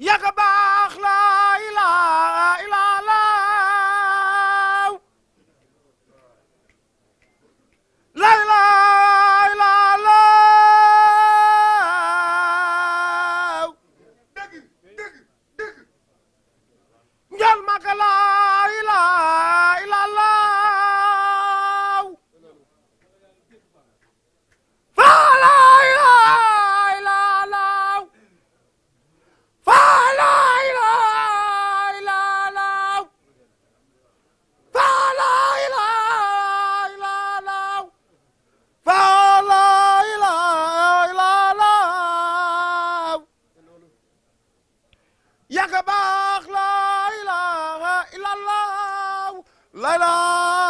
yàgg yàgg baax la ilaha illallah la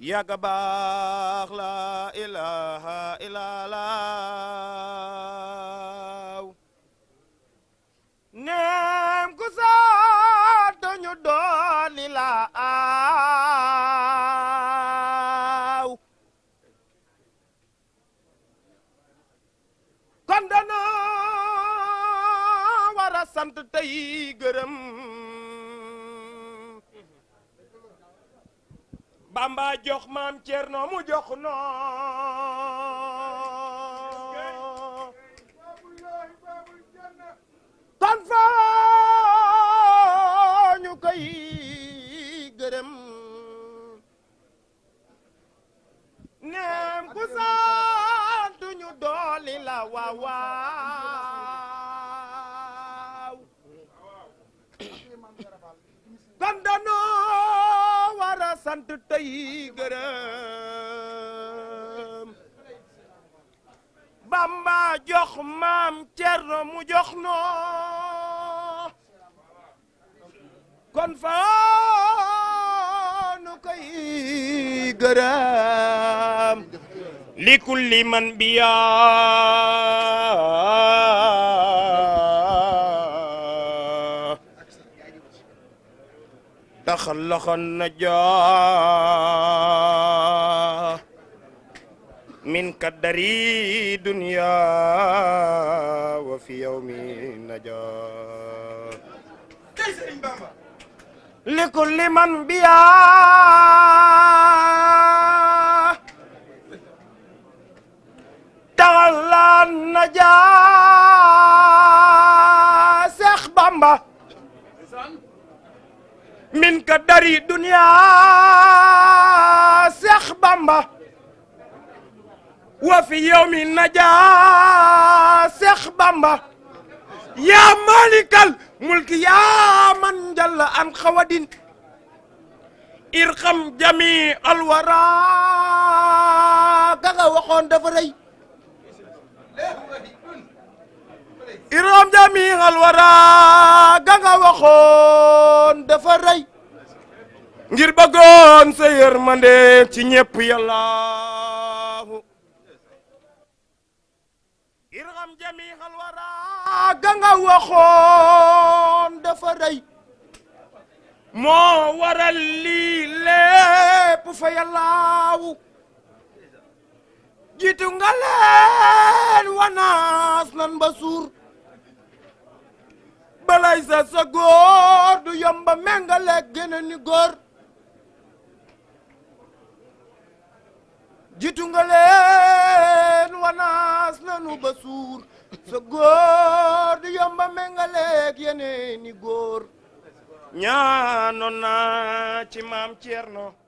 yàgga baax la ilaha illallah neem ku saat dañu dooli la aaw kon dana war sant tey gërëm bamba jox maam Cerno mu jox noo tan fa ñu koy gërëm neem ku sant ñu dooli la waawaaw tan danoo wara sant tey bamba jox maam cerno mu jox no kon fa nu koy gërëm li man biya تخلق النجاة من قدر دنيا وفي يوم النجاة لكل من بيا تغلى النجاه min ka dari dunia Seex Bamba wa fi yawmi najaa Seex Bamba yaa malikal mulki yaa man jalla an xawadin irxam jami alwara ka waxoon dafa xamal ga nga waxoon dafa rey ngir bëggoon sa yërmande ci ñépp yàllaahu irham jami xal waraa ga nga waxoon dafa rey moo waral lii lépp fa yàllaahu jiitu nga leen wanaas nan ba suur balay sa sa góor du yomba méngaleeg geneen ni góor jitu nga wanaas nanu ba suur sa góor du yomba méngaleeg yeneen ni góor ñaanoon naa ci maam Cerno